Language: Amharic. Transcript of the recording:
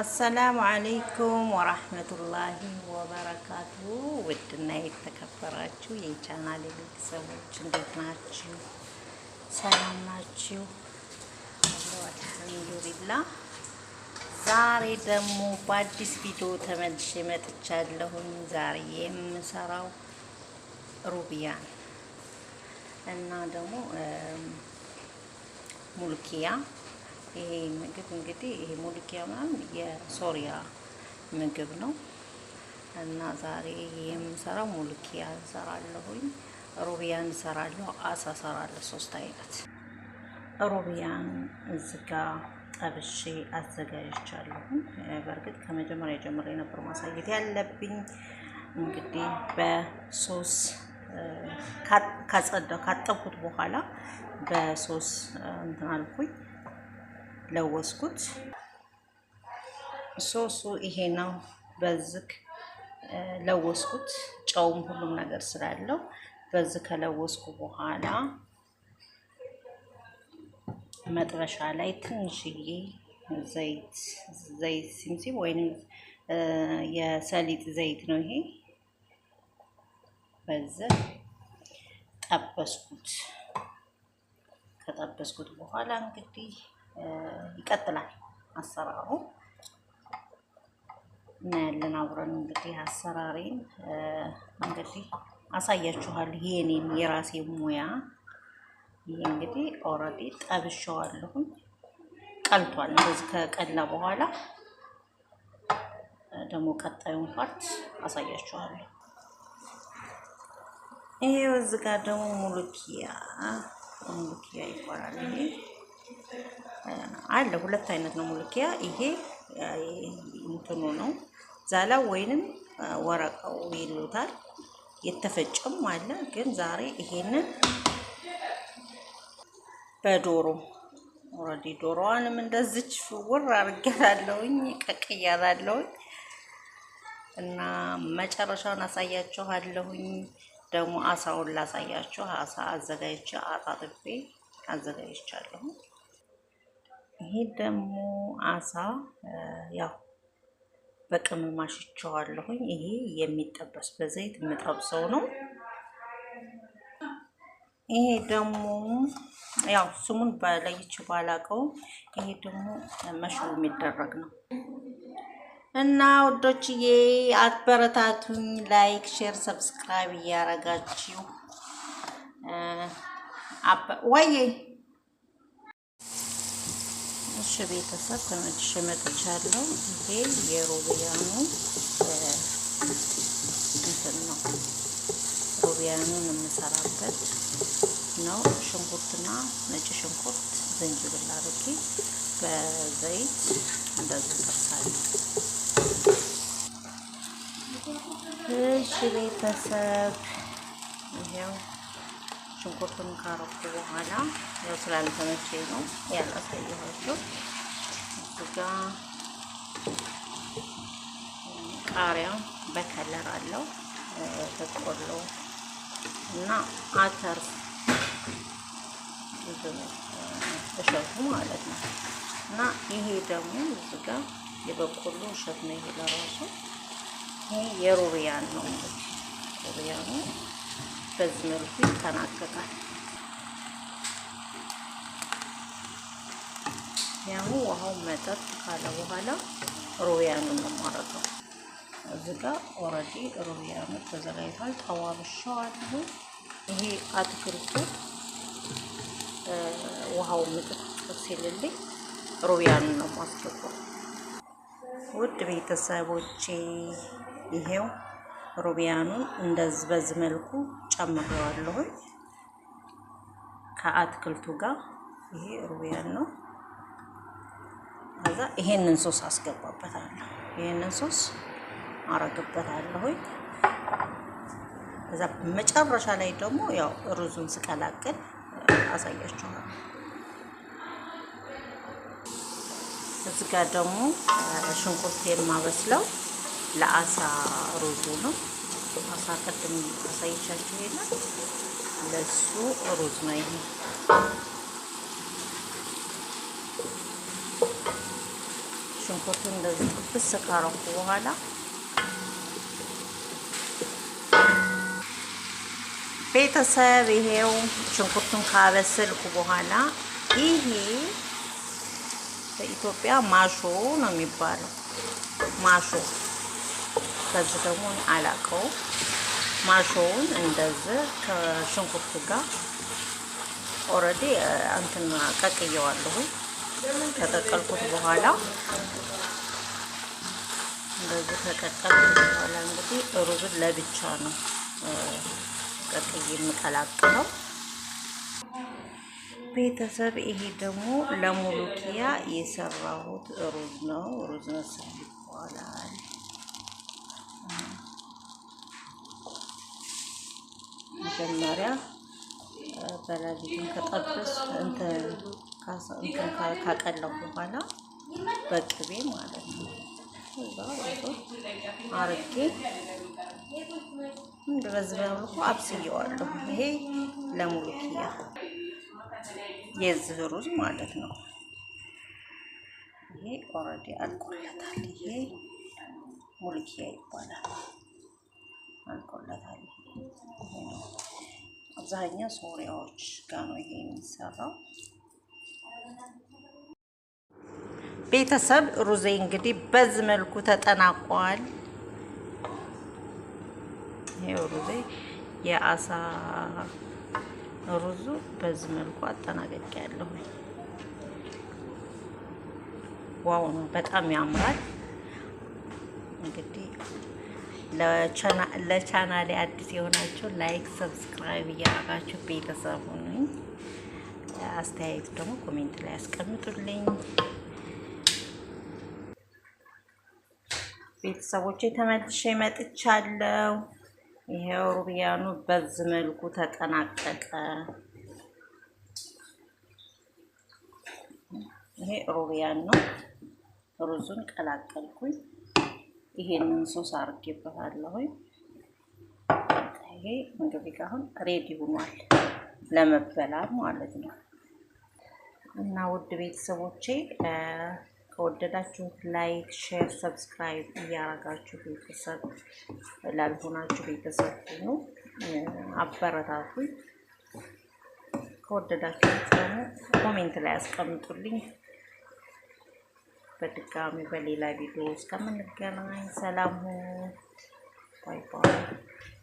አሰላሙ አለይኩም ወራህመቱላሂ ወበረካቱ። ውድና የተከበራችሁ የቻናል ቤተሰቦች እንዴት ናችሁ? ሰላም ናችሁ? አልሐምዱሊላ። ዛሬ ደግሞ በአዲስ ቪዲዮ ተመልሼ መጥቻለሁኝ። ዛሬ የምሰራው ሩብያን እና ደግሞ ሙልኪያ ይሄ ምግብ እንግዲህ ይሄ ሙሉኪያ ምናምን የሶሪያ ምግብ ነው እና ዛሬ የምንሰራው ሙሉኪያ እንሰራለሁኝ፣ ሩቢያን እንሰራለሁ፣ አሳ እሰራለሁ። ሶስት አይነት ሩቢያን እዝጋ ጠብሼ አዘጋጅቻለሁ። በእርግጥ ከመጀመሪያ ጀምሬ ነበር ማሳየት ያለብኝ። እንግዲህ በሶስ ካጸዳሁ ካጠብኩት በኋላ በሶስ እንትን አልኩኝ። ለወስኩት። ሶሱ ይሄ ነው። በዝክ ለወስኩት። ጨውም ሁሉም ነገር ስላለው በዚህ ከለወስኩ በኋላ መጥበሻ ላይ ትንሽዬ ዘይት ዘይት ሲምሲም ወይም የሰሊጥ ዘይት ነው ይሄ። በዚህ ጠበስኩት። ከጠበስኩት በኋላ እንግዲህ ይቀጥላል አሰራሩ። እናያለን አብረን እንግዲህ አሰራሬን እንግዲህ አሳያችኋለሁ። የኔም የራሴ ሙያ ይህ እንግዲህ ኦልሬዲ ጠብሼዋለሁ፣ ቀልቷል። እንደዚህ ከቀላ በኋላ ደግሞ ቀጣዩን ፓርት አሳያችኋለሁ። ይሄ እዚህ ጋር ደግሞ ሙሉኪያ ሙሉኪያ ይባላል ይሄ አለ ሁለት አይነት ነው ሙልኪያ። ይሄ እንትኑ ነው ዛላ ወይንም ወረቀው ይሉታል። የተፈጨም አለ ግን ዛሬ ይሄንን በዶሮ ኦልሬዲ ዶሮዋንም እንደዚች ውር አድርጌያታለሁኝ ቀቅያታለሁኝ እና መጨረሻውን አሳያችኋለሁኝ። ደግሞ አሳውን ላሳያችሁ። አሳ አዘጋጅቼ አጣጥቤ አዘጋጅቻለሁ። ይሄ ደግሞ አሳ ያው በቅመም አሽቸዋለሁኝ። ይሄ የሚጠበስ በዘይት የምጠብሰው ነው። ይሄ ደግሞ ያው ስሙን በለይች ባላቀው። ይሄ ደግሞ መሽሮ የሚደረግ ነው እና ወዶችዬ አበረታቱኝ። ላይክ፣ ሼር፣ ሰብስክራይብ እያረጋችሁ ወይዬ እሺ ቤተሰብ ተመልሼ መጥቻለሁ። ይሄ የሮቢያኑ እንትን ነው፣ ሮቢያኑን የምሰራበት ነው። ሽንኩርትና ነጭ ሽንኩርት ዝንጅብል አድርጌ በዘይት እንደዚህ ጠብሳለሁ። እሺ ቤተሰብ ይሄው ሽንኩርቱን ካረኩ በኋላ ያው ስላልተመቼ ነው ያላሳየኋቸው። እዚህ ጋ ቃሪያ በከለር አለው በቆሎ እና አተር እሸቱ ማለት ነው። እና ይሄ ደግሞ እዚህ የበቆሎ እሸት ነው። ይሄ ለራሱ ይሄ የሩብያን ነው ነው በዚህ መልኩ ይጠናቀቃል። ያው ውሃው መጠጥ ካለ በኋላ ሮያኑን ነው የማደርገው። እዚህ ጋር ኦልሬዲ ሮያኑ ተዘጋጅቷል። ተዋብሸዋለሁ። ይሄ አትክልቱ ውሃው ምጥጥ ሲልልኝ ሮያኑን ነው የማስገባው። ውድ ቤተሰቦቼ ይሄው ሩቢያኑን እንደዚህ በዚህ መልኩ ጨምረዋለሁ ከአትክልቱ ጋር። ይሄ ሩቢያን ነው። ከዛ ይሄንን ሶስ አስገባበታለሁ። ይሄንን ሶስ አረግበታለሁ። ከዛ መጨረሻ ላይ ደግሞ ያው ሩዙን ስቀላቅል አሳያችኋለሁ። እዚህ ጋር ደግሞ ሽንኩርት የማበስለው ለአሳ ሩዙ ነው። አሳ ቀድም አሳይቻችሁ ይሄን ለሱ ሩዝ ነው ይሄ። ሽንኩርቱን እንደዚህ ክፍስ ካረኩ በኋላ ቤተሰብ ይሄው ሽንኩርቱን ካበሰልኩ በኋላ ይሄ በኢትዮጵያ ማሾ ነው የሚባለው ማሾ ከዚህ ደግሞ አላቀው ማሾውን እንደዚህ ከሽንኩርቱ ጋር ኦልሬዲ እንትን ቀቅየዋለሁ። ከቀቀልኩት በኋላ እንደዚህ ከቀቀልኩት በኋላ እንግዲህ ሩዝን ለብቻ ነው ቀቅዬ የምቀላቅለው። ቤተሰብ ይሄ ደግሞ ለሙሉኪያ የሰራሁት ሩዝ ነው። ሩዝ መስል ይባላል። መጀመሪያ በለሊቱን ከጠበስ እንትን ካቀለው በኋላ በቅቤ ማለት ነው። እዛ አርጌ በዚህ መልኩ አብስየዋለሁ። ይሄ ለሙሉኪያ የዚህ ሩዝ ማለት ነው። ይሄ ኦልሬዲ አልቆለታል። ይሄ ሙሉኪያ ይባላል። አልቆለታል ይሄ ነው። አብዛኛው ሶሪያዎች ጋር ነው ይሄ የሚሰራው። ቤተሰብ ሩዜ እንግዲህ በዚህ መልኩ ተጠናቋል። ይሄው ሩዜ የአሳ ሩዙ በዚህ መልኩ አጠናቀቅ ያለሁ ዋው ነው፣ በጣም ያምራል እንግዲህ ለቻናሌ አዲስ የሆናችሁ ላይክ፣ ሰብስክራይብ እያደረጋችሁ ቤተሰብ ሁኑኝ። አስተያየት ደግሞ ኮሜንት ላይ ያስቀምጡልኝ። ቤተሰቦች ተመልሼ መጥቻለሁ። ይሄ ሩብያኑ በዚህ መልኩ ተጠናቀቀ። ይሄ ሩብያን ነው። ሩዙን ቀላቀልኩኝ። ይሄንን ሶስ አድርጌበታለሁ። ይሄ ምግብ አሁን ሬዲ ሆኗል ለመበላት ማለት ነው። እና ውድ ቤተሰቦቼ ከወደዳችሁት ላይክ፣ ሼር፣ ሰብስክራይብ እያረጋችሁ ቤተሰብ ላልሆናችሁ ቤተሰብ ሁኑ፣ አበረታቱኝ። ከወደዳችሁት ደግሞ ኮሜንት ላይ አስቀምጡልኝ። kepada kami pada live itu. Sekarang menekan dengan salam. Bye-bye.